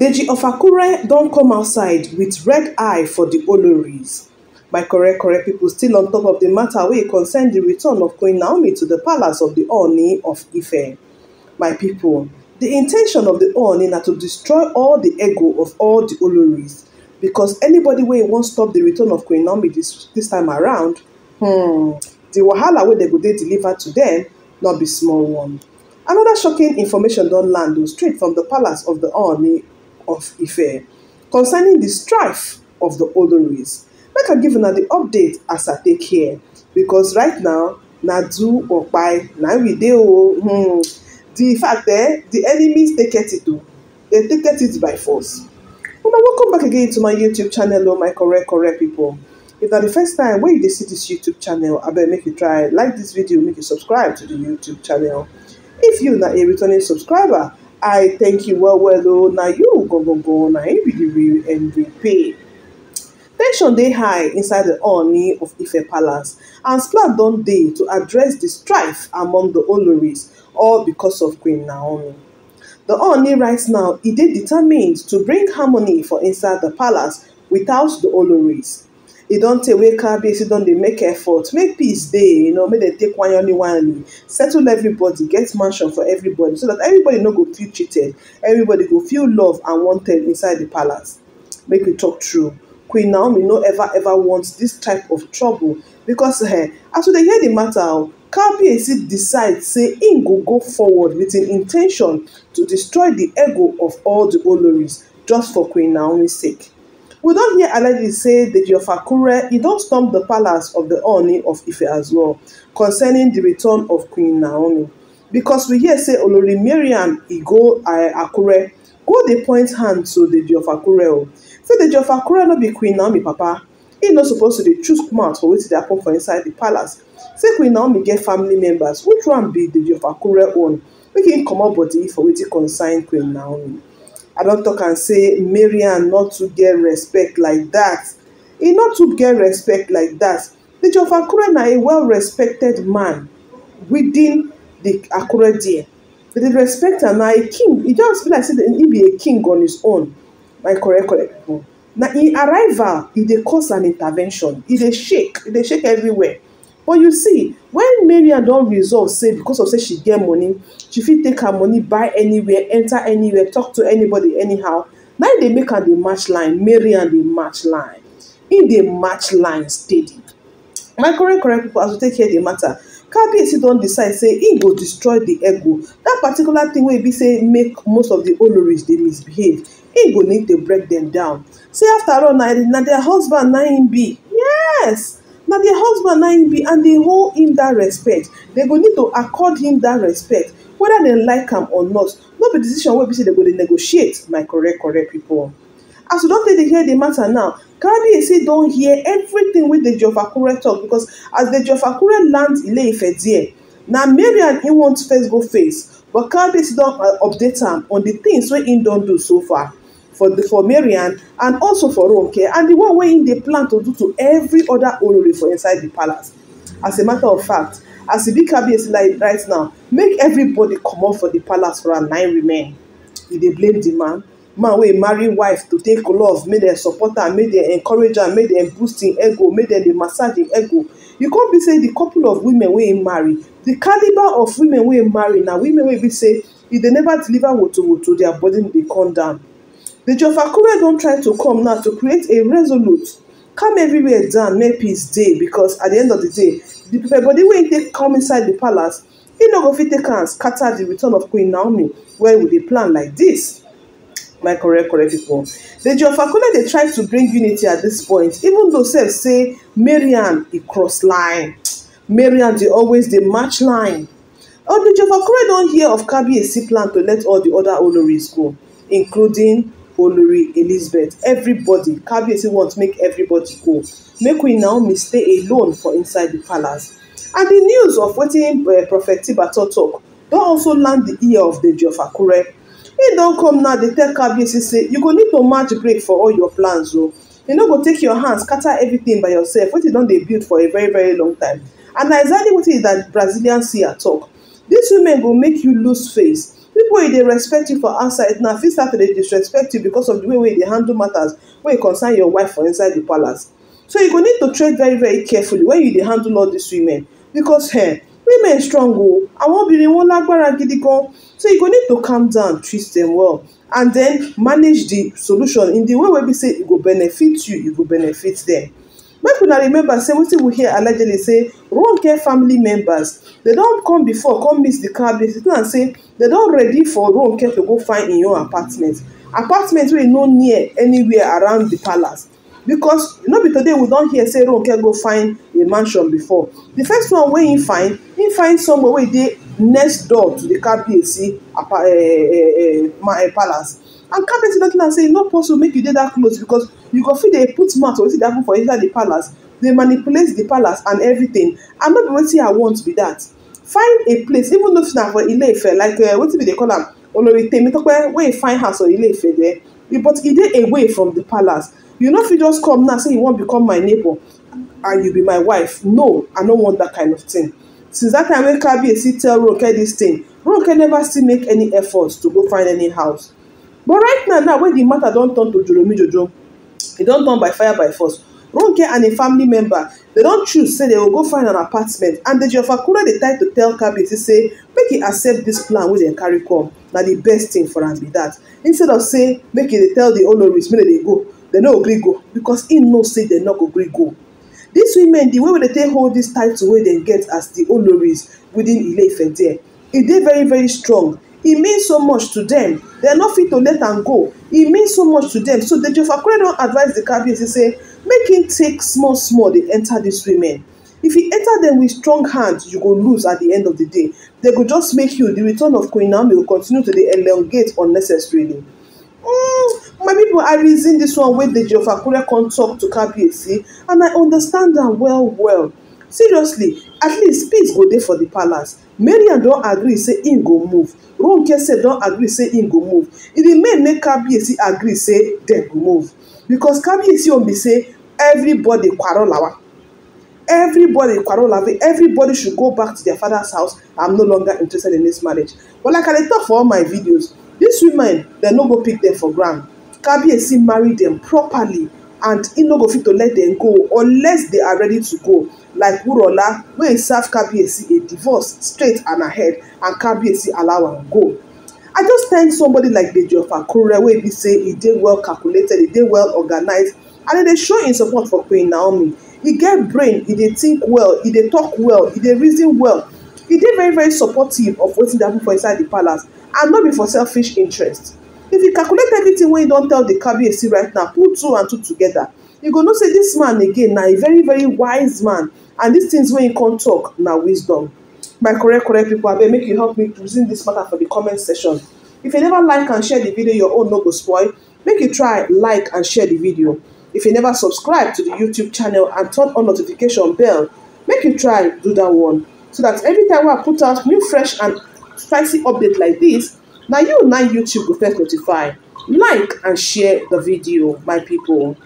Deji Ofakure don't come outside with red eye for the Oloris. My correct correct people still on top of the matter we concern the return of Queen Naomi to the palace of the Oni of Ife. My people, the intention of the Oni is to destroy all the ego of all the Oloris because anybody won't stop the return of Queen Naomi this, this time around, hmm, the wahala wey they go deliver to them not be small one. Another shocking information don't land o straight from the palace of the Oni. of Ife concerning the strife of the Oloris. Make I give una the update as I take care because right now na or kpai na we dey hmm. the fact eh the enemies take it too. they take it by force. Una welcome back again to my YouTube channel oh my correct correct people. If that the first time where you see this YouTube channel I better make you try like this video make you subscribe to the YouTube channel. If you're not a returning subscriber I thank you well, well, though. now you go, go, go, now you be the real MVP. Tension day high inside the army of Ife Palace and plan don day to address the strife among the Oloris all because of Queen Naomi. The Ooni right now is determined to bring harmony for inside the palace without the Oloris e don tey wey kabiyesi don dey make effort make peace dey you know make dem take wanyoli wanyoli settle everybody get mansion for everybody so that everybody no go feel cheated everybody go feel loved and wanted inside the palace make we talk true queen naomi no ever ever want this type of trouble becos eh as we dey hear the matter kabiyesi decide say im go go forward with im in ten tion to destroy the ego of all the oloris just for queen naomi sake We don't hear allegedly say that Fakure he don't storm the palace of the Oni of Ife as well concerning the return of Queen Naomi. Because we hear say Olori Mariam he eh, go Akure go the point hand to the of Akure o. Say Deji of Akure be Queen Naomi papa. He no supposed to dey choose mouth for which dey happen for inside the palace. Say Queen Naomi get family members, which one be the of Akure We can come up body for which he consign Queen Naomi i don't talk and say marian not to get respect like that. He not to get respect like that. The of Akure a well-respected man within the Akure there. They respect am na a king. He just feel like say he be a king on his own. My e correct correct Now Na im e arrival, he dey cause an intervention. He dey shake, He dey shake everywhere but you see when mariam don resolve say because of say she get money she fit take her money buy anywhere enter anywhere talk to anybody anyhow na im e dey make am dey match line mariam dey match line im e dey match line steady my correct correct people, as we take hear the matter kabiyesi don decide say im e go destroy the ego That particular thing wey be say make most of the oloris dey misbehave im go need to break them down say after all na na their husband na im be yes na their husband na im be and they hold him that respect They go need to accord him that respect whether they like am or not no be decision wey be say They go dey negotiate my correct correct people. as we don take dey hear the matter now say don hear everything wey the of akure talk because as the of akure land ile-ife there na mariam he want first go face but kabiyesi don uh, update am on the things wey he don do so far for the for marian and also for ronke and the one way in they plan to do to every other olori for inside the palace as a matter of fact as e be kabiyesi like right now make everybody come up for the palace for a nine remain If e they blame the man man way marry wife to take love make dem support am make dem encourage am make dem boost im ego make dem dey massage im ego You can't be saying the couple of women wey im marry the caliber of women wey im marry now women will be say if they never deliver what woto to their body they come down The don't try to come now to create a resolute, calm everywhere down, make peace day because at the end of the day, the body wey they come inside the palace, he no go fit take am scatter the return of Queen Naomi Why would they plan like this. My correct correct people? The Jofakure they try to bring unity at this point even though some say Mariam he cross line. Mariam they always the match line. Oh, the Odujofa Kure not hear of Kabiyesi plan to let all the other Oloris go, including olori elizabeth everybody kabiyesi want make everybody go make queen naomi stay alone for inside the palace and the news of wetin uh, prophet tibato talk don also land the ear of deji of akure im don come now dey tell kabiyesi say you go need to match break for all your plans o oh. you no go take your hand scatter everything by yourself wetin don dey build for a very very long time and na exactly wetin that brazilian seer talk? This women go make you lose face People e dey respect you for outside Now, fit start to dey disrespect you because of the way wey you dey handle matters wey concern your wife for inside the palace so you go need to tread very very carefully when you dey handle all these women because eh women strong o oh. àwọn obìnrin wọn lágbára gidi gan so you go need to calm down treat them well and then manage the solution in the way wey be say e go benefit you e go benefit them make una remember say wetin we hear allegedly say ronke family members dey don come before come miss the car meet sit down and say dey don ready for ronke to go find im own apartment apartment wey no near anywhere around the palace because no be today we don hear say ronke go find a mansion before the first one wey im find im find somewhere wey dey next door to the car see di cabinet eh, eh, eh, palace and cabinet looking am say e no possible make you dey that close because you go fit dey put mouth for wetin dey happen for inside the palace dey manipulate the palace and everything and no be wetin i want be that. find a place even though na for ileife like eh, wetin we dey call am oloritemi tope wey find house for ileife there but e dey away from the palace you no fit just come now say you wan become my neighbor and you be my wife no i no want that kind of thing since dat time wey kabiyesi tell ronke this thing ronke never still make any effort to go find any house but right now now when the matter don't turn to Jolomi jojo don't turn by fire by force ronke and a family member they don't choose say they will go find an apartment and deji ofakura they try to tell to say make he accept this plan with dem carry come na the best thing for him be that instead of say make he tell the oloris maybe they go They no agree go because in no say they no go go These women the way they take hold type title where they get as the oloris within ileife there e very very strong e mean so much to dem dem no fit to let am go e mean so much to dem so deji ofakore don advise di kabiyesi say make im take small small dey enter dis women if you enter dem with strong hand you go lose at di end of di day dem go just make you di return of queen naomi go continue to dey elongate unnecessarily. Mm, my people i reason dis one wey deji ofakore come talk to kabiyesi and i understand am well well seriously at least peace go dey for di palace mariam don agree say im go move ronke sef don agree say im go move e remain make kabiyesi agree say dem go move because kabiyesi own be say everybody quarrel quarrelawa everybody quarrel quarrelawa everybody should go back to their father's house i'm no longer interested in this marriage but like i dey talk for all my videos dis women dem no go pick dem for ground kabiyesi marry dem properly and im no go fit to let dem go unless they are ready to go like wurola wey serve kabiyesi a divorce straight and ahead and kabiyesi allow am go i just thank somebody like deji ofakure wey be say e dey well calculated e dey well organized and e dey show im support for queen naomi e get brain e dey think well e dey talk well e dey reason well e dey very very supportive of wetin dey happen for inside di palace and no be for selfish interest if you calculate everything when you don't tell the kabiyesi right now put two and two together you go know say this man again Now a very very wise man and these things you can't talk now wisdom my correct correct pipo abeg make you help me resume this matter for the comment section if you never like and share the video your own no go spoil make you try like and share the video if you never subscribe to the youtube channel and turn on notification bell make you try do that one so that every time we i put out new fresh and spicy update like this. na you na youtube go first notify like and share the video my people